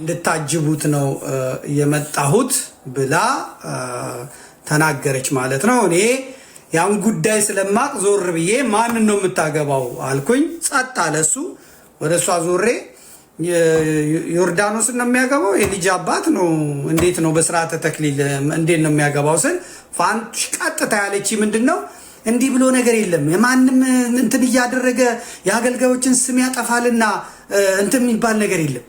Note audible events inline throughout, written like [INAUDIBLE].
እንድታጅቡት ነው የመጣሁት ብላ ተናገረች ማለት ነው። እኔ ያን ጉዳይ ስለማቅ ዞር ብዬ ማንን ነው የምታገባው አልኩኝ። ጸጥ አለ እሱ። ወደ እሷ ዞሬ ዮርዳኖስን ነው የሚያገባው የልጅ አባት ነው እንዴት ነው በስርዓተ ተክሊል እንዴት ነው የሚያገባው ስል ፋንች ቀጥታ ያለች ምንድን ነው እንዲህ ብሎ ነገር የለም። የማንም እንትን እያደረገ የአገልጋዮችን ስም ያጠፋልና እንትን የሚባል ነገር የለም።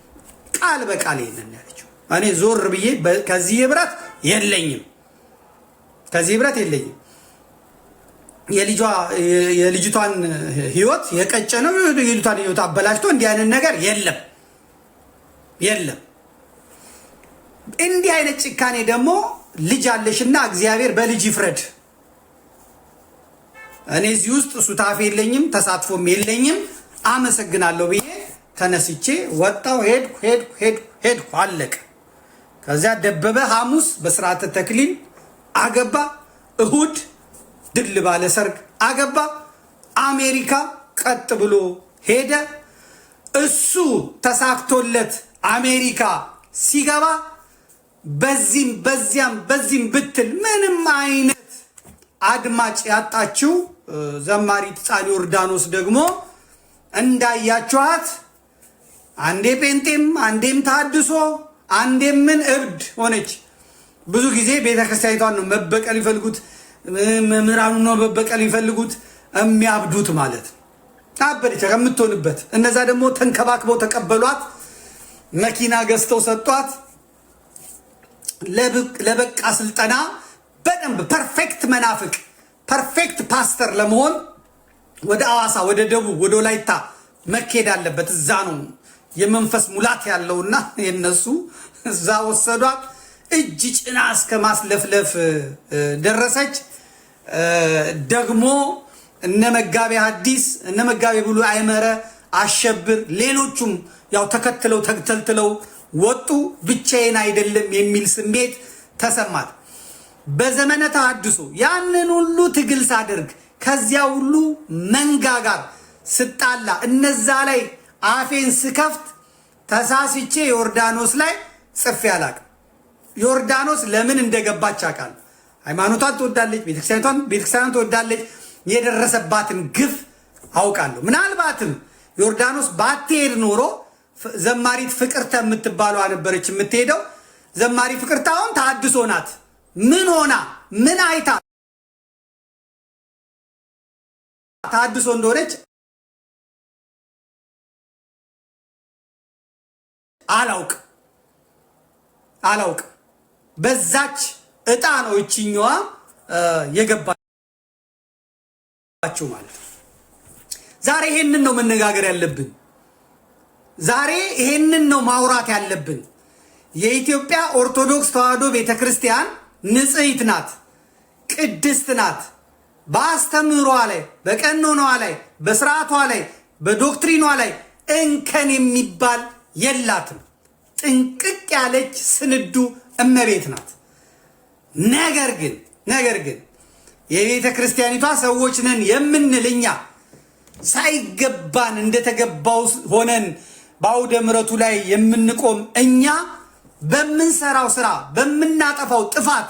ቃል በቃል ይሄንን ያለችው። እኔ ዞር ብዬ ከዚህ ህብረት የለኝም፣ ከዚህ ህብረት የለኝም። የልጅቷን ህይወት የቀጨ ነው። የልጅቷን ህይወት አበላሽቶ እንዲህ አይነት ነገር የለም የለም። እንዲህ አይነት ጭካኔ ደግሞ ልጅ አለሽና እግዚአብሔር በልጅ ይፍረድ። እኔ እዚህ ውስጥ ሱታፍ የለኝም፣ ተሳትፎም የለኝም። አመሰግናለሁ። ተነስቼ ወጣው ሄድኩ ሄድኩ ሄድኩ ሄድኩ አለቀ። ከዚያ ደበበ ሐሙስ በስርዓተ ተክሊል አገባ። እሁድ ድል ባለ ሰርግ አገባ። አሜሪካ ቀጥ ብሎ ሄደ። እሱ ተሳክቶለት አሜሪካ ሲገባ በዚህም በዚያም በዚህም ብትል ምንም አይነት አድማጭ ያጣችው ዘማሪት ጻኒ ዮርዳኖስ ደግሞ እንዳያችኋት አንዴ ጴንጤም አንዴም ታድሶ አንዴም ምን እብድ ሆነች። ብዙ ጊዜ ቤተክርስቲያኒቷን ነው መበቀል ይፈልጉት፣ መምህራኑ ነው መበቀል ይፈልጉት፣ የሚያብዱት ማለት ታበደች ከምትሆንበት። እነዛ ደግሞ ተንከባክበው ተቀበሏት፣ መኪና ገዝተው ሰጧት፣ ለበቃ ስልጠና በደንብ ፐርፌክት መናፍቅ ፐርፌክት ፓስተር ለመሆን ወደ አዋሳ፣ ወደ ደቡብ፣ ወደ ወላይታ መኬድ አለበት። እዛ ነው የመንፈስ ሙላት ያለውና የነሱ እዛ ወሰዷት። እጅ ጭና እስከ ማስለፍለፍ ደረሰች። ደግሞ እነ መጋቤ ሐዲስ እነ መጋቤ ብሉይ አይመረ አሸብር፣ ሌሎቹም ያው ተከትለው ተግተልትለው ወጡ። ብቻዬን አይደለም የሚል ስሜት ተሰማት። በዘመነ ተሐድሶ ያንን ሁሉ ትግል ሳደርግ ከዚያ ሁሉ መንጋ ጋር ስጣላ እነዛ ላይ አፌን ስከፍት ተሳስቼ ዮርዳኖስ ላይ ጽፌ አላቅም። ዮርዳኖስ ለምን እንደገባች አውቃለሁ። ሃይማኖቷን ትወዳለች፣ ቤተክርስቲያኗን ትወዳለች፣ የደረሰባትን ግፍ አውቃለሁ። ምናልባትም ዮርዳኖስ ባትሄድ ኖሮ ዘማሪት ፍቅርተ የምትባለዋ ነበረች የምትሄደው። ዘማሪ ፍቅርተ አሁን ታድሶ ናት። ምን ሆና ምን አይታ ታድሶ እንደሆነች አላውቅ አላውቅ በዛች እጣ ነው እችኛዋ የገባችሁ ማለት ነው። ዛሬ ይሄንን ነው መነጋገር ያለብን። ዛሬ ይሄንን ነው ማውራት ያለብን። የኢትዮጵያ ኦርቶዶክስ ተዋሕዶ ቤተክርስቲያን ንጽሕት ናት፣ ቅድስት ናት። በአስተምህሯ ላይ፣ በቀኖኗ ላይ፣ በስርዓቷ ላይ፣ በዶክትሪኗ ላይ እንከን የሚባል የላትም። ጥንቅቅ ያለች ስንዱ እመቤት ናት። ነገር ግን ነገር ግን የቤተ ክርስቲያኒቷ ሰዎች ነን የምንል እኛ ሳይገባን እንደተገባው ሆነን በአውደ ምረቱ ላይ የምንቆም እኛ በምንሰራው ስራ በምናጠፋው ጥፋት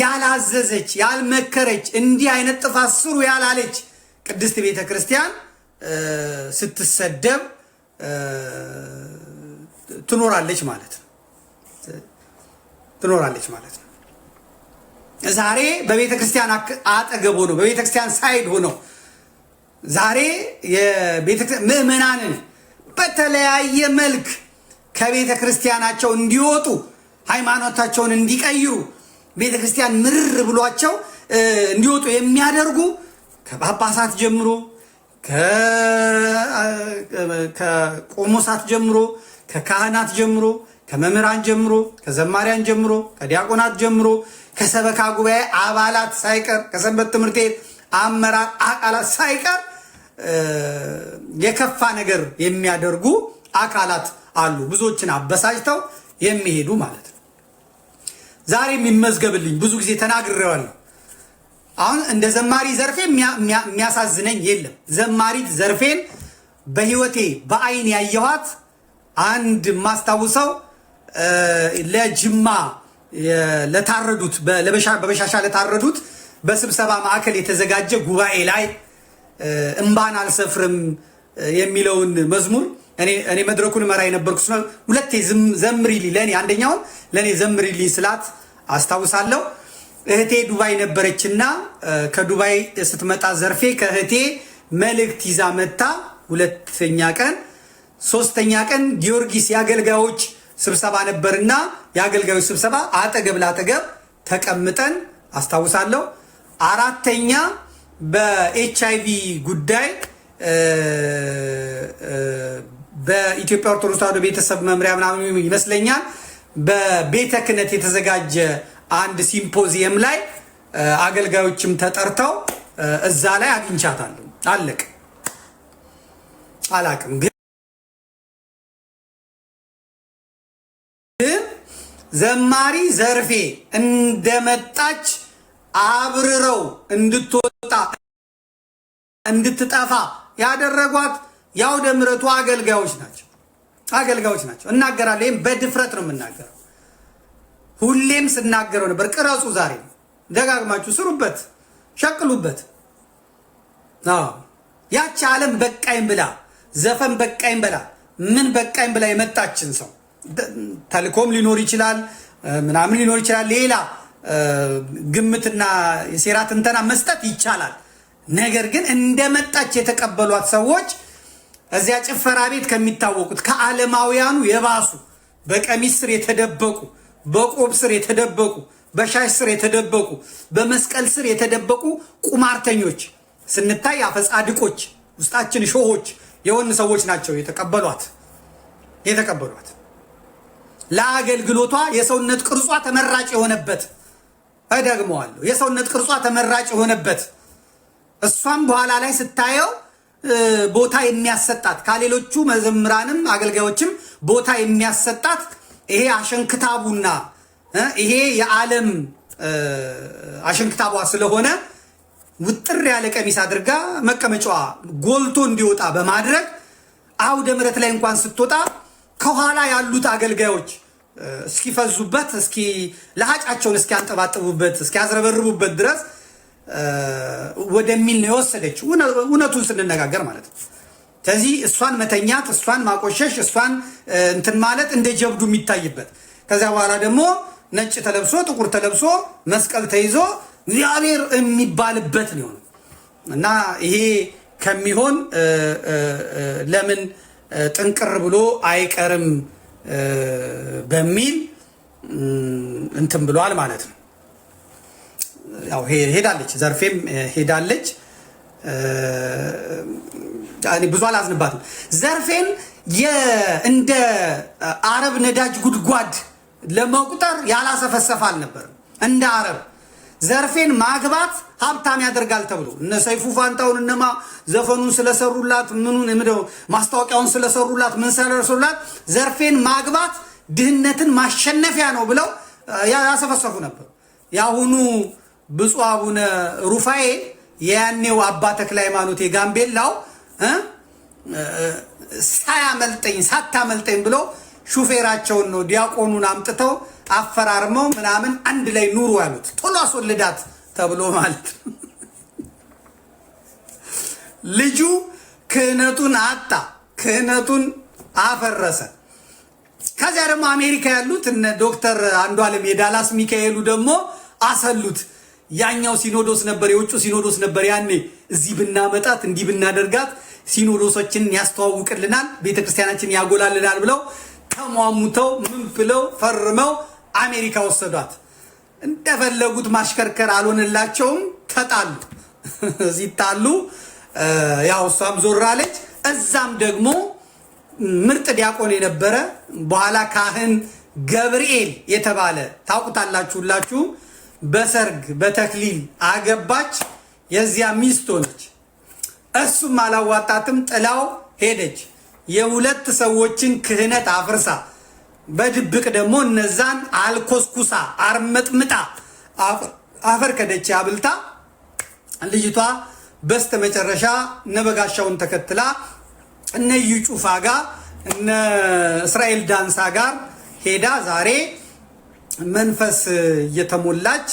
ያላዘዘች ያልመከረች እንዲህ አይነት ጥፋት ስሩ ያላለች ቅድስት ቤተ ክርስቲያን ስትሰደብ ትኖራለች ማለት ነው። ትኖራለች ማለት ነው። ዛሬ በቤተ ክርስቲያን አጠገብ ሆነው በቤተ ክርስቲያን ሳይድ ሆነው ዛሬ ምዕመናንን በተለያየ መልክ ከቤተ ክርስቲያናቸው እንዲወጡ ሃይማኖታቸውን እንዲቀይሩ ቤተ ክርስቲያን ምርር ብሏቸው እንዲወጡ የሚያደርጉ ከጳጳሳት ጀምሮ ከቆሞሳት ጀምሮ ከካህናት ጀምሮ ከመምህራን ጀምሮ ከዘማሪያን ጀምሮ ከዲያቆናት ጀምሮ ከሰበካ ጉባኤ አባላት ሳይቀር ከሰንበት ትምህርት ቤት አመራር አካላት ሳይቀር የከፋ ነገር የሚያደርጉ አካላት አሉ። ብዙዎችን አበሳጭተው የሚሄዱ ማለት ነው። ዛሬም ይመዝገብልኝ ብዙ ጊዜ ተናግሬዋለሁ። አሁን እንደ ዘማሪ ዘርፌ የሚያሳዝነኝ የለም። ዘማሪት ዘርፌን በህይወቴ በአይን ያየኋት አንድ የማስታውሰው ለጅማ ለታረዱት በበሻሻ ለታረዱት በስብሰባ ማዕከል የተዘጋጀ ጉባኤ ላይ እምባን አልሰፍርም የሚለውን መዝሙር እኔ መድረኩን መራ የነበርኩ ሁለቴ ዘምሪልኝ ለእኔ አንደኛውን ለእኔ ዘምሪልኝ ስላት አስታውሳለሁ። እህቴ ዱባይ ነበረች እና ከዱባይ ስትመጣ ዘርፌ ከእህቴ መልእክት ይዛ መታ። ሁለተኛ ቀን ሶስተኛ ቀን ጊዮርጊስ የአገልጋዮች ስብሰባ ነበርና የአገልጋዮች ስብሰባ አጠገብ ላጠገብ ተቀምጠን አስታውሳለሁ። አራተኛ በኤች አይ ቪ ጉዳይ በኢትዮጵያ ኦርቶዶክስ ተዋሕዶ ቤተሰብ መምሪያ ምናምን ይመስለኛል በቤተ ክህነት የተዘጋጀ አንድ ሲምፖዚየም ላይ አገልጋዮችም ተጠርተው እዛ ላይ አግኝቻታለሁ። አለቅ አላቅም ግን ዘማሪ ዘርፌ እንደመጣች አብርረው እንድትወጣ እንድትጠፋ ያደረጓት ያው ደምረቱ አገልጋዮች ናቸው። አገልጋዮች ናቸው። እናገራለሁ። ይህም በድፍረት ነው የምናገረው። ሁሌም ስናገረው ነበር። ቅረጹ፣ ዛሬ ደጋግማችሁ ስሩበት፣ ሸቅሉበት። ያቺ ዓለም በቃይም ብላ ዘፈን በቃይም ብላ ምን በቃይም ብላ የመጣችን ሰው ተልኮም ሊኖር ይችላል፣ ምናምን ሊኖር ይችላል። ሌላ ግምትና የሴራ ትንተና መስጠት ይቻላል። ነገር ግን እንደመጣች የተቀበሏት ሰዎች እዚያ ጭፈራ ቤት ከሚታወቁት ከዓለማውያኑ የባሱ በቀሚስ ስር የተደበቁ በቆብ ስር የተደበቁ በሻሽ ስር የተደበቁ በመስቀል ስር የተደበቁ ቁማርተኞች ስንታይ አፈጻድቆች ውስጣችን ሾሆች የሆን ሰዎች ናቸው የተቀበሏት የተቀበሏት ለአገልግሎቷ የሰውነት ቅርጿ ተመራጭ የሆነበት እደግመዋለሁ፣ የሰውነት ቅርጿ ተመራጭ የሆነበት እሷም በኋላ ላይ ስታየው ቦታ የሚያሰጣት ከሌሎቹ መዘምራንም አገልጋዮችም ቦታ የሚያሰጣት ይሄ አሸንክታቡና ይሄ የዓለም አሸንክታቧ ስለሆነ ውጥር ያለ ቀሚስ አድርጋ መቀመጫዋ ጎልቶ እንዲወጣ በማድረግ አውደ ምረት ላይ እንኳን ስትወጣ ከኋላ ያሉት አገልጋዮች እስኪፈዙበት እስኪ ለሀጫቸውን እስኪያንጠባጥቡበት እስኪያዝረበርቡበት ድረስ ወደሚል ነው የወሰደችው። እውነቱን ስንነጋገር ማለት ነው። ከዚህ እሷን መተኛት፣ እሷን ማቆሸሽ፣ እሷን እንትን ማለት እንደ ጀብዱ የሚታይበት ከዚያ በኋላ ደግሞ ነጭ ተለብሶ ጥቁር ተለብሶ መስቀል ተይዞ እግዚአብሔር የሚባልበት ነው እና ይሄ ከሚሆን ለምን ጥንቅር ብሎ አይቀርም በሚል እንትን ብሏል ማለት ነው። ያው ሄዳለች፣ ዘርፌም ሄዳለች። ብዙ አላዝንባትም። ዘርፌን እንደ አረብ ነዳጅ ጉድጓድ ለመቁጠር ያላሰፈሰፈ አልነበርም። እንደ አረብ ዘርፌን ማግባት ሀብታም ያደርጋል ተብሎ እነ ሰይፉ ፋንታውን እነማ ዘፈኑን ስለሰሩላት ምኑን ምደው ማስታወቂያውን ስለሰሩላት ምን ስለሰሩላት ዘርፌን ማግባት ድህነትን ማሸነፊያ ነው ብለው ያሰፈሰፉ ነበር። የአሁኑ ብፁ አቡነ ሩፋኤ የያኔው አባ ተክለ ሃይማኖት የጋምቤላው ሳያመልጠኝ ሳታመልጠኝ ብሎ ሹፌራቸውን ነው ዲያቆኑን አምጥተው አፈራርመው ምናምን አንድ ላይ ኑሩ ያሉት። ቶሎ አስወልዳት ተብሎ ማለት ነው። ልጁ ክህነቱን አጣ፣ ክህነቱን አፈረሰ። ከዚያ ደግሞ አሜሪካ ያሉት እነ ዶክተር አንዱ ዓለም የዳላስ ሚካኤሉ ደግሞ አሰሉት። ያኛው ሲኖዶስ ነበር፣ የውጭ ሲኖዶስ ነበር ያኔ እዚህ ብናመጣት እንዲህ ብናደርጋት ሲኖዶሶችን ያስተዋውቅልናል፣ ቤተክርስቲያናችን ያጎላልናል ብለው ተሟሙተው ምን ብለው ፈርመው አሜሪካ ወሰዷት። እንደፈለጉት ማሽከርከር አልሆነላቸውም፣ ተጣሉ። [LAUGHS] ሲጣሉ ያው እሷም ዞራለች። እዛም ደግሞ ምርጥ ዲያቆን የነበረ በኋላ ካህን ገብርኤል የተባለ ታውቁታላችሁ ሁላችሁ በሰርግ በተክሊል አገባች። የዚያ ሚስት ሆነች። እሱም አላዋጣትም፣ ጥላው ሄደች። የሁለት ሰዎችን ክህነት አፍርሳ በድብቅ ደግሞ እነዛን አልኮስኩሳ አርመጥምጣ አፈር ከደች አብልታ ልጅቷ በስተ መጨረሻ ነበጋሻውን ተከትላ እነ እዩ ጩፋ ጋር እነ እስራኤል ዳንሳ ጋር ሄዳ ዛሬ መንፈስ እየተሞላች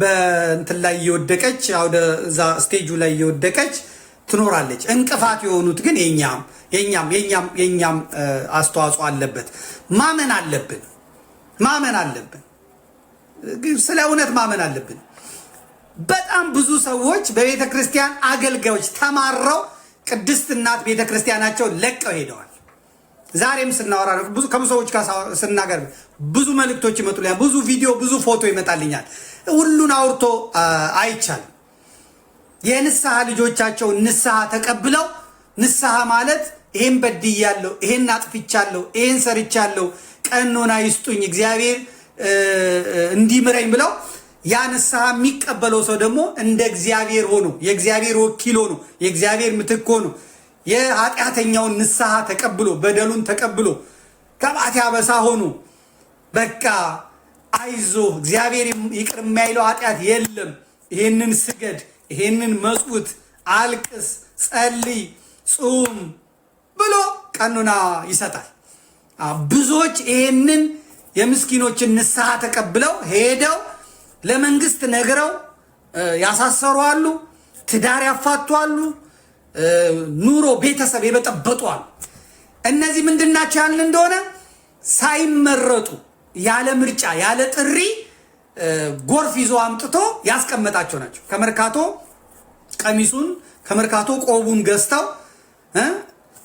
በእንትን ላይ እየወደቀች አውደ እዛ ስቴጁ ላይ እየወደቀች ትኖራለች። እንቅፋት የሆኑት ግን የኛም የኛም የኛም የኛም አስተዋጽኦ አለበት። ማመን አለብን ማመን አለብን። ስለ እውነት ማመን አለብን። በጣም ብዙ ሰዎች በቤተ ክርስቲያን አገልጋዮች ተማረው ቅድስት እናት ቤተ ክርስቲያናቸው ለቀው ሄደዋል። ዛሬም ስናወራ ብዙ ከሰዎች ጋር ስናገር ብዙ መልእክቶች ይመጡልኛል። ብዙ ቪዲዮ፣ ብዙ ፎቶ ይመጣልኛል። ሁሉን አውርቶ አይቻልም። የንስሐ ልጆቻቸው ንስሐ ተቀብለው ንስሐ ማለት ይሄን በድያለሁ፣ ይሄን አጥፍቻለሁ፣ ይሄን ሰርቻለሁ፣ ቀኖና ይስጡኝ እግዚአብሔር እንዲምረኝ ብለው ያ ንስሐ የሚቀበለው ሰው ደግሞ እንደ እግዚአብሔር ሆኖ የእግዚአብሔር ወኪል ሆኖ የእግዚአብሔር ምትክ ሆኖ የኃጢአተኛውን ንስሐ ተቀብሎ በደሉን ተቀብሎ ከማቴ አበሳ ሆኖ በቃ አይዞ እግዚአብሔር ይቅር የማይለው ኃጢአት የለም፣ ይህንን ስገድ ይህንን መስዑት፣ አልቅስ፣ ጸልይ፣ ጹም ብሎ ቀኑና ይሰጣል። ብዙዎች ይህንን የምስኪኖችን ንስሐ ተቀብለው ሄደው ለመንግስት ነግረው አሉ ትዳር ያፋቷሉ፣ ኑሮ ቤተሰብ የበጠበጧሉ። እነዚህ ምንድናቸው ያልን እንደሆነ ሳይመረጡ ያለ ምርጫ ያለ ጥሪ ጎርፍ ይዞ አምጥቶ ያስቀመጣቸው ናቸው። ከመርካቶ ቀሚሱን ከመርካቶ ቆቡን ገዝተው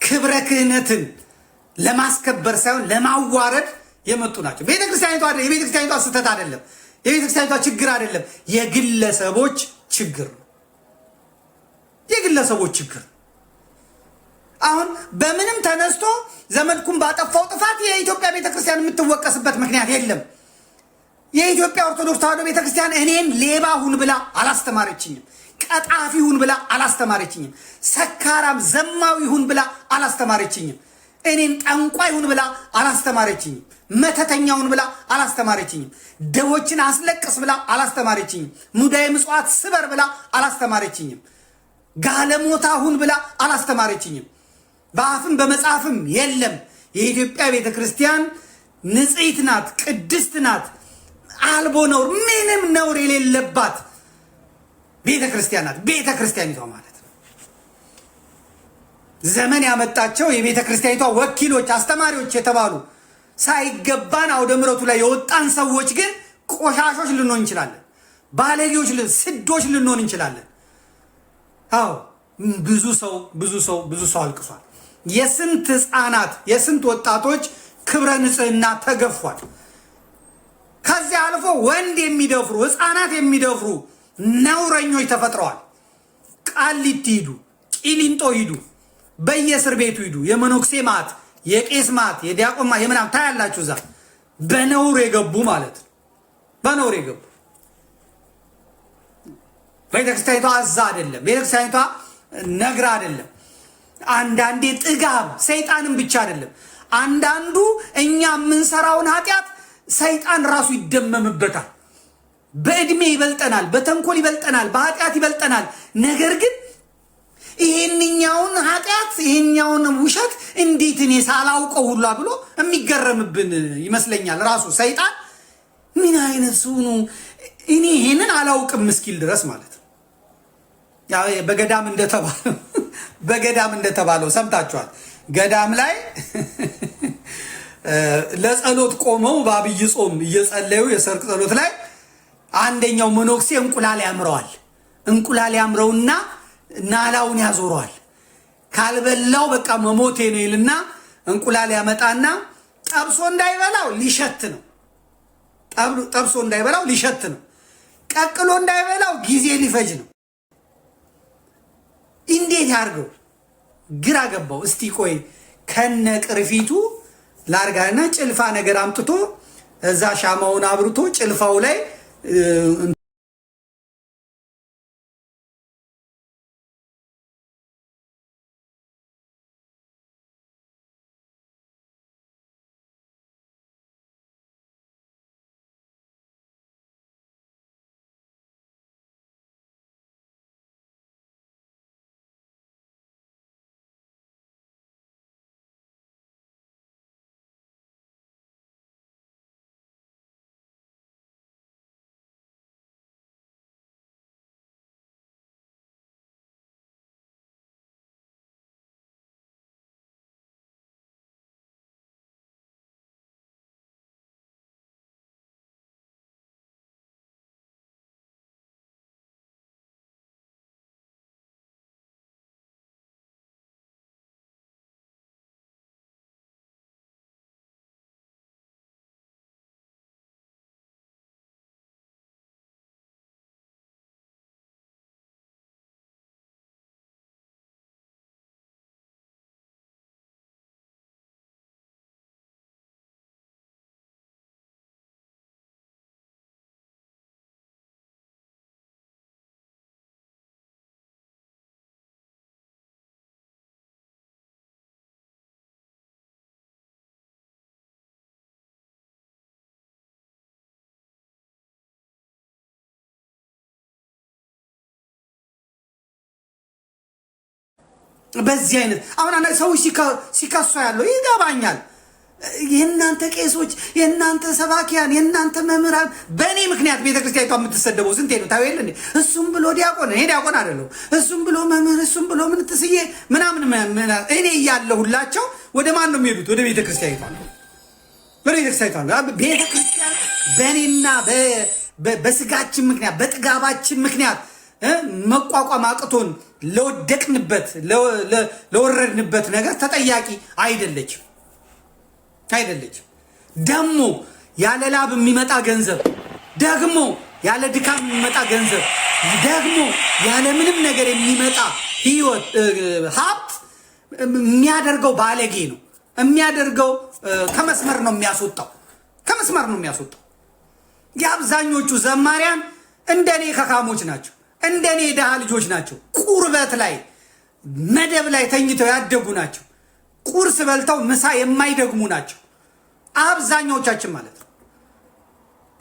ክብረ ክህነትን ለማስከበር ሳይሆን ለማዋረድ የመጡ ናቸው። ቤተክርስቲያኒቷ የቤተክርስቲያኒቷ ስህተት አይደለም። የቤተክርስቲያኒቷ ችግር አይደለም። የግለሰቦች ችግር ነው። የግለሰቦች ችግር አሁን በምንም ተነስቶ ዘመድኩን ባጠፋው ጥፋት የኢትዮጵያ ቤተክርስቲያን የምትወቀስበት ምክንያት የለም። የኢትዮጵያ ኦርቶዶክስ ተዋህዶ ቤተክርስቲያን እኔን ሌባ ሁን ብላ አላስተማረችኝም። ቀጣፊ ሁን ብላ አላስተማረችኝም። ሰካራም ዘማዊ ሁን ብላ አላስተማረችኝም። እኔን ጠንቋይ ሁን ብላ አላስተማረችኝም። መተተኛ ሁን ብላ አላስተማረችኝም። ደቦችን አስለቅስ ብላ አላስተማረችኝም። ሙዳየ ምጽዋት ስበር ብላ አላስተማረችኝም። ጋለሞታ ሁን ብላ አላስተማረችኝም። በአፍም በመጽሐፍም የለም። የኢትዮጵያ ቤተክርስቲያን ንጽሕት ናት፣ ቅድስት ናት። አልቦ ነውር ምንም ነውር የሌለባት ቤተ ክርስቲያን ናት። ቤተ ክርስቲያኒቷ ማለት ነው። ዘመን ያመጣቸው የቤተ ክርስቲያኒቷ ወኪሎች፣ አስተማሪዎች የተባሉ ሳይገባን አውደ ምረቱ ላይ የወጣን ሰዎች ግን ቆሻሾች ልንሆን እንችላለን። ባለጌዎች፣ ስዶች ልንሆን እንችላለን። አዎ ብዙ ሰው ብዙ ሰው ብዙ ሰው አልቅሷል። የስንት ህፃናት የስንት ወጣቶች ክብረ ንጽህና ተገፏል። ከዚያ አልፎ ወንድ የሚደፍሩ ህፃናት የሚደፍሩ ነውረኞች ተፈጥረዋል። ቃሊቲ ሂዱ፣ ቂሊንጦ ሂዱ፣ በየእስር ቤቱ ሂዱ። የመኖክሴ ማት፣ የቄስ ማት፣ የዲያቆን ማት የምናምን ታያላችሁ። እዛ በነውር የገቡ ማለት ነው። በነውር የገቡ ቤተክርስቲያኒቷ አዛ አይደለም፣ ቤተክርስቲያኒቷ ነግራ አይደለም። አንዳንዴ ጥጋብ ሰይጣንም ብቻ አይደለም። አንዳንዱ እኛ የምንሰራውን ኃጢአት ሰይጣን ራሱ ይደመምበታል። በእድሜ ይበልጠናል፣ በተንኮል ይበልጠናል፣ በኃጢአት ይበልጠናል። ነገር ግን ይህንኛውን ኃጢአት ይህኛውን ውሸት እንዴት እኔ ሳላውቀው ሁላ ብሎ የሚገረምብን ይመስለኛል። ራሱ ሰይጣን ምን አይነት ስሆኑ እኔ ይህንን አላውቅም እስኪል ድረስ ማለት ነው። በገዳም እንደተባለው በገዳም እንደተባለው ሰምታችኋል። ገዳም ላይ ለጸሎት ቆመው በአብይ ጾም እየጸለዩ የሰርክ ጸሎት ላይ አንደኛው መኖክሴ እንቁላል ያምረዋል። እንቁላል ያምረውና ናላውን ያዞረዋል። ካልበላው በቃ መሞቴ ነው ይልና እንቁላል ያመጣና ጠብሶ እንዳይበላው ሊሸት ነው። ጠብሶ እንዳይበላው ሊሸት ነው። ቀቅሎ እንዳይበላው ጊዜ ሊፈጅ ነው። እንዴት ያርገው ግራ ገባው። እስቲ ቆይ ከነ ቅርፊቱ ላርጋና ጭልፋ ነገር አምጥቶ እዛ ሻማውን አብርቶ ጭልፋው ላይ በዚህ አይነት አሁን አንዳንድ ሰዎች ሲከሱ ያለው ይገባኛል። የእናንተ ቄሶች፣ የእናንተ ሰባኪያን፣ የእናንተ መምህራን በእኔ ምክንያት ቤተክርስቲያኒቷ የምትሰደበው ስንቴ ነው ታየል እንዴ? እሱም ብሎ ዲያቆን፣ እኔ ዲያቆን አይደለሁ፣ እሱም ብሎ መምህር፣ እሱም ብሎ ምን ትስዬ ምናምን፣ እኔ እያለሁላቸው ወደ ማን ነው የሚሄዱት? ወደ ቤተክርስቲያኒቷ ነው፣ ወደ ቤተክርስቲያኒቷ ነው። ቤተክርስቲያን በእኔና በስጋችን ምክንያት በጥጋባችን ምክንያት መቋቋም አቅቶን ለወደቅንበት ለወረድንበት ነገር ተጠያቂ አይደለችም አይደለችም። ደግሞ ያለ ላብ የሚመጣ ገንዘብ ደግሞ ያለ ድካም የሚመጣ ገንዘብ ደግሞ ያለ ምንም ነገር የሚመጣ ህይወት ሀብት የሚያደርገው ባለጌ ነው የሚያደርገው ከመስመር ነው የሚያስወጣው ከመስመር ነው የሚያስወጣው። የአብዛኞቹ ዘማሪያን እንደኔ ከካሞች ናቸው። እንደኔ ድሃ ልጆች ናቸው። ቁርበት ላይ መደብ ላይ ተኝተው ያደጉ ናቸው። ቁርስ በልተው ምሳ የማይደግሙ ናቸው አብዛኛዎቻችን ማለት ነው።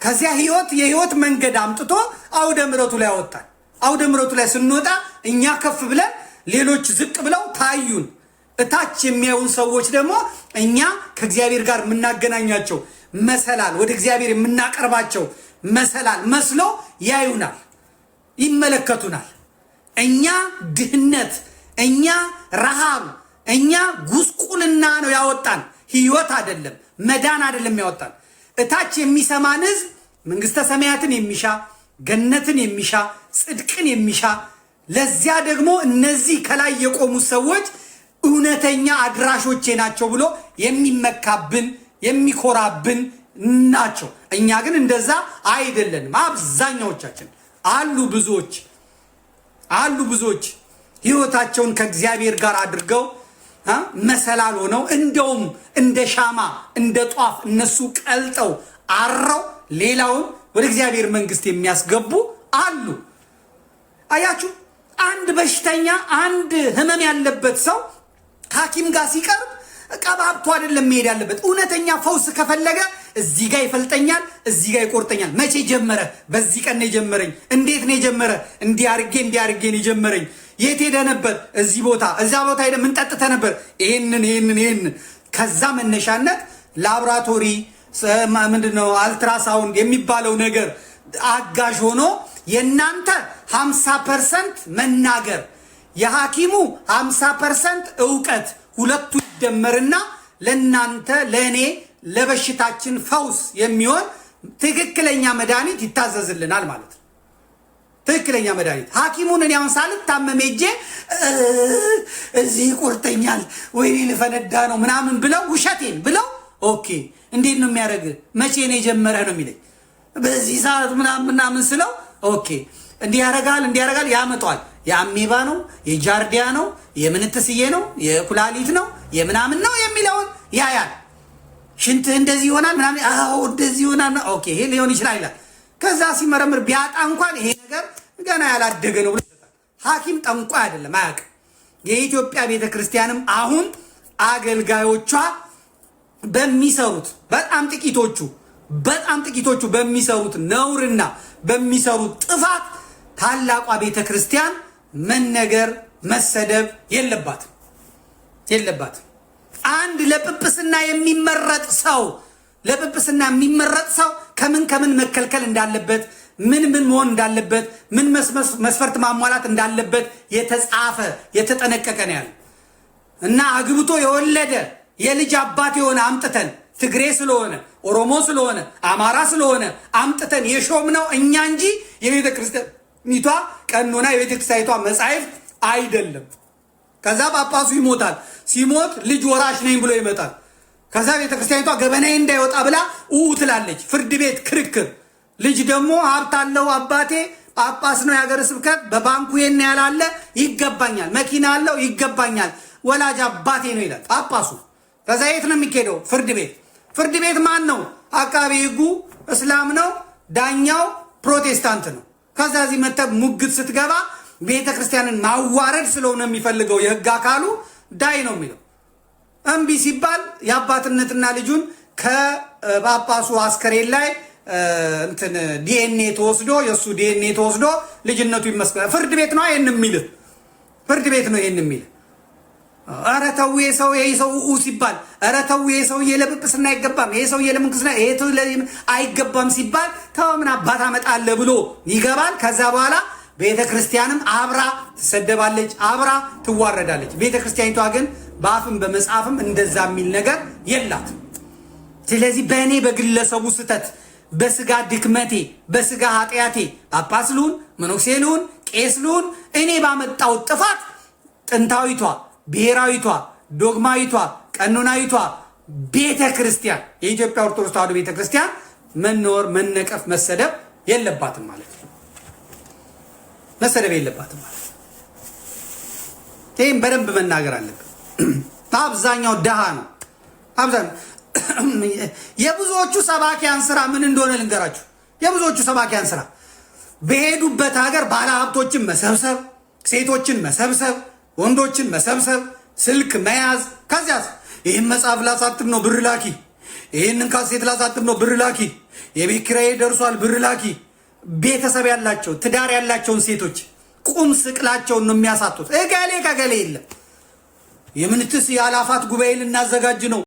ከዚያ ህይወት የህይወት መንገድ አምጥቶ አውደ ምረቱ ላይ ያወጣል። አውደ ምረቱ ላይ ስንወጣ እኛ ከፍ ብለን ሌሎች ዝቅ ብለው ታዩን። እታች የሚያዩን ሰዎች ደግሞ እኛ ከእግዚአብሔር ጋር የምናገናኛቸው መሰላል፣ ወደ እግዚአብሔር የምናቀርባቸው መሰላል መስሎ ያዩናል። ይመለከቱናል። እኛ ድህነት፣ እኛ ረሃብ፣ እኛ ጉስቁልና ነው ያወጣን። ህይወት አይደለም መዳን አይደለም ያወጣን። እታች የሚሰማን ህዝብ መንግስተ ሰማያትን የሚሻ ገነትን የሚሻ ጽድቅን የሚሻ ለዚያ ደግሞ እነዚህ ከላይ የቆሙ ሰዎች እውነተኛ አድራሾቼ ናቸው ብሎ የሚመካብን የሚኮራብን ናቸው። እኛ ግን እንደዛ አይደለንም አብዛኛዎቻችን። አሉ ብዙዎች አሉ ብዙዎች ህይወታቸውን ከእግዚአብሔር ጋር አድርገው መሰላል ሆነው እንደውም እንደ ሻማ እንደ ጧፍ እነሱ ቀልጠው አረው ሌላውን ወደ እግዚአብሔር መንግስት የሚያስገቡ አሉ። አያችሁ፣ አንድ በሽተኛ አንድ ህመም ያለበት ሰው ሐኪም ጋር ሲቀርብ ቀባብቶ አይደለም መሄድ ያለበት። እውነተኛ ፈውስ ከፈለገ እዚህ ጋር ይፈልጠኛል፣ እዚህ ጋር ይቆርጠኛል። መቼ ጀመረ? በዚህ ቀን ነው የጀመረኝ። እንዴት ነው የጀመረ? እንዲህ አርጌ እንዲህ አርጌ ነው የጀመረኝ። የት ሄደ ነበር? እዚህ ቦታ እዚያ ቦታ ሄደ። ምን ጠጥተ ነበር? ይሄንን ይህንን ይሄንን። ከዛ መነሻነት ላብራቶሪ ምንድን ነው አልትራሳውንድ የሚባለው ነገር አጋዥ ሆኖ የእናንተ 50 ፐርሰንት መናገር የሐኪሙ 50 ፐርሰንት እውቀት ሁለቱ ይደመርና ለእናንተ ለእኔ ለበሽታችን ፈውስ የሚሆን ትክክለኛ መድኃኒት ይታዘዝልናል ማለት ነው። ትክክለኛ መድኃኒት ሐኪሙን እኔ አሁን ሳልታመም ሄጄ እዚህ ይቆርጠኛል፣ ወይኔ ልፈነዳ ነው ምናምን ብለው ውሸቴን ብለው ኦኬ፣ እንዴት ነው የሚያደርግ መቼ ነው የጀመረህ ነው የሚለኝ በዚህ ሰዓት ምናምን ምናምን ስለው ኦኬ እንዲህ ያደርጋል እንዲህ ያደርጋል ያመጧል። የአሜባ ነው የጃርዲያ ነው የምንትስዬ ነው የኩላሊት ነው የምናምን ነው የሚለውን ያያል። ሽንት እንደዚህ ይሆናል ምናምን፣ አዎ እንደዚህ ይሆናል፣ ኦኬ ይሄ ሊሆን ይችላል ይላል። ከዛ ሲመረምር ቢያጣ እንኳን ይሄ ነገር ገና ያላደገ ነው ብሎ ሐኪም ጠንቋ አይደለም አያውቅም። የኢትዮጵያ ቤተ ክርስቲያንም አሁን አገልጋዮቿ በሚሰሩት በጣም ጥቂቶቹ በጣም ጥቂቶቹ በሚሰሩት ነውርና በሚሰሩት ጥፋት ታላቋ ቤተ ክርስቲያን መነገር መሰደብ የለባትም የለባትም። አንድ ለጵጵስና የሚመረጥ ሰው ለጵጵስና የሚመረጥ ሰው ከምን ከምን መከልከል እንዳለበት ምን ምን መሆን እንዳለበት ምን መስፈርት ማሟላት እንዳለበት የተጻፈ የተጠነቀቀ ነው ያለ እና አግብቶ የወለደ የልጅ አባት የሆነ አምጥተን ትግሬ ስለሆነ ኦሮሞ ስለሆነ አማራ ስለሆነ አምጥተን የሾምነው እኛ እንጂ የቤተ ክርስቲያን ሚቷ ቀኖና የቤተክርስቲያኒቷ መጻሕፍት አይደለም። ከዛ ጳጳሱ ይሞታል። ሲሞት ልጅ ወራሽ ነኝ ብሎ ይመጣል። ከዛ ቤተክርስቲያኒቷ ገበናዬ እንዳይወጣ ብላ ኡ ትላለች። ፍርድ ቤት ክርክር። ልጅ ደግሞ ሀብት አለው አባቴ ጳጳስ ነው የሀገረ ስብከት፣ በባንኩ የን ያላለ ይገባኛል፣ መኪና አለው ይገባኛል፣ ወላጅ አባቴ ነው ይላል ጳጳሱ። ከዛ የት ነው የሚካሄደው? ፍርድ ቤት። ፍርድ ቤት ማን ነው? አቃቤ ሕጉ እስላም ነው፣ ዳኛው ፕሮቴስታንት ነው። ከዛ እዚህ መተህ ሙግት ስትገባ ቤተ ክርስቲያንን ማዋረድ ስለሆነ የሚፈልገው የህግ አካሉ ዳይ ነው የሚለው። እምቢ ሲባል የአባትነትና ልጁን ከጳጳሱ አስከሬን ላይ እንትን ዲኤንኤ ተወስዶ የእሱ ዲኤንኤ ተወስዶ ልጅነቱ ይመስገን። ፍርድ ቤት ነው ይህን የሚልህ፣ ፍርድ ቤት ነው ይህን የሚልህ። ኧረ ተው ይሄ ሰው ይሄ ሰው ሲባል ኧረ ተው ይሄ ሰውዬ ለጵጵስና አይገባም፣ ይሄ ሰውዬ አይገባም ሲባል ተው ምን አባት አመጣለህ ብሎ ይገባል። ከዛ በኋላ ቤተ ክርስቲያንም አብራ ትሰደባለች፣ አብራ ትዋረዳለች። ቤተ ክርስቲያኒቷ ግን በአፍም በመጽሐፍም እንደዛ የሚል ነገር የላት። ስለዚህ በእኔ በግለሰቡ ስህተት፣ በስጋ ድክመቴ፣ በስጋ ኃጢአቴ ጳጳስ ልሁን መነኩሴ ልሁን ቄስ ልሁን እኔ ባመጣው ጥፋት ጥንታዊቷ ብሔራዊቷ፣ ዶግማዊቷ፣ ቀኖናዊቷ ቤተ ክርስቲያን የኢትዮጵያ ኦርቶዶክስ ተዋሕዶ ቤተ ክርስቲያን መኖር፣ መነቀፍ፣ መሰደብ የለባትም ማለት ነው። መሰደብ የለባትም ማለት ነው። ይህም በደንብ መናገር አለብን። [CLEARS THROAT] አብዛኛው ድሃ ነው። አብዛኛው [CLEARS THROAT] የብዙዎቹ ሰባኪያን ስራ ምን እንደሆነ ልንገራችሁ። የብዙዎቹ ሰባኪያን ስራ በሄዱበት ሀገር ባለሀብቶችን መሰብሰብ፣ ሴቶችን መሰብሰብ ወንዶችን መሰብሰብ፣ ስልክ መያዝ። ከዚያስ ይህን መጽሐፍ ላሳትም ነው ብር ላኪ፣ ይህንን ካሴት ላሳትም ነው ብር ላኪ፣ የቤት ኪራዬ ደርሷል ብር ላኪ። ቤተሰብ ያላቸው ትዳር ያላቸውን ሴቶች ቁም ስቅላቸውን ነው የሚያሳጡት። እገሌ ከገሌ የለም። የምንትስ የአላፋት ጉባኤ ልናዘጋጅ ነው።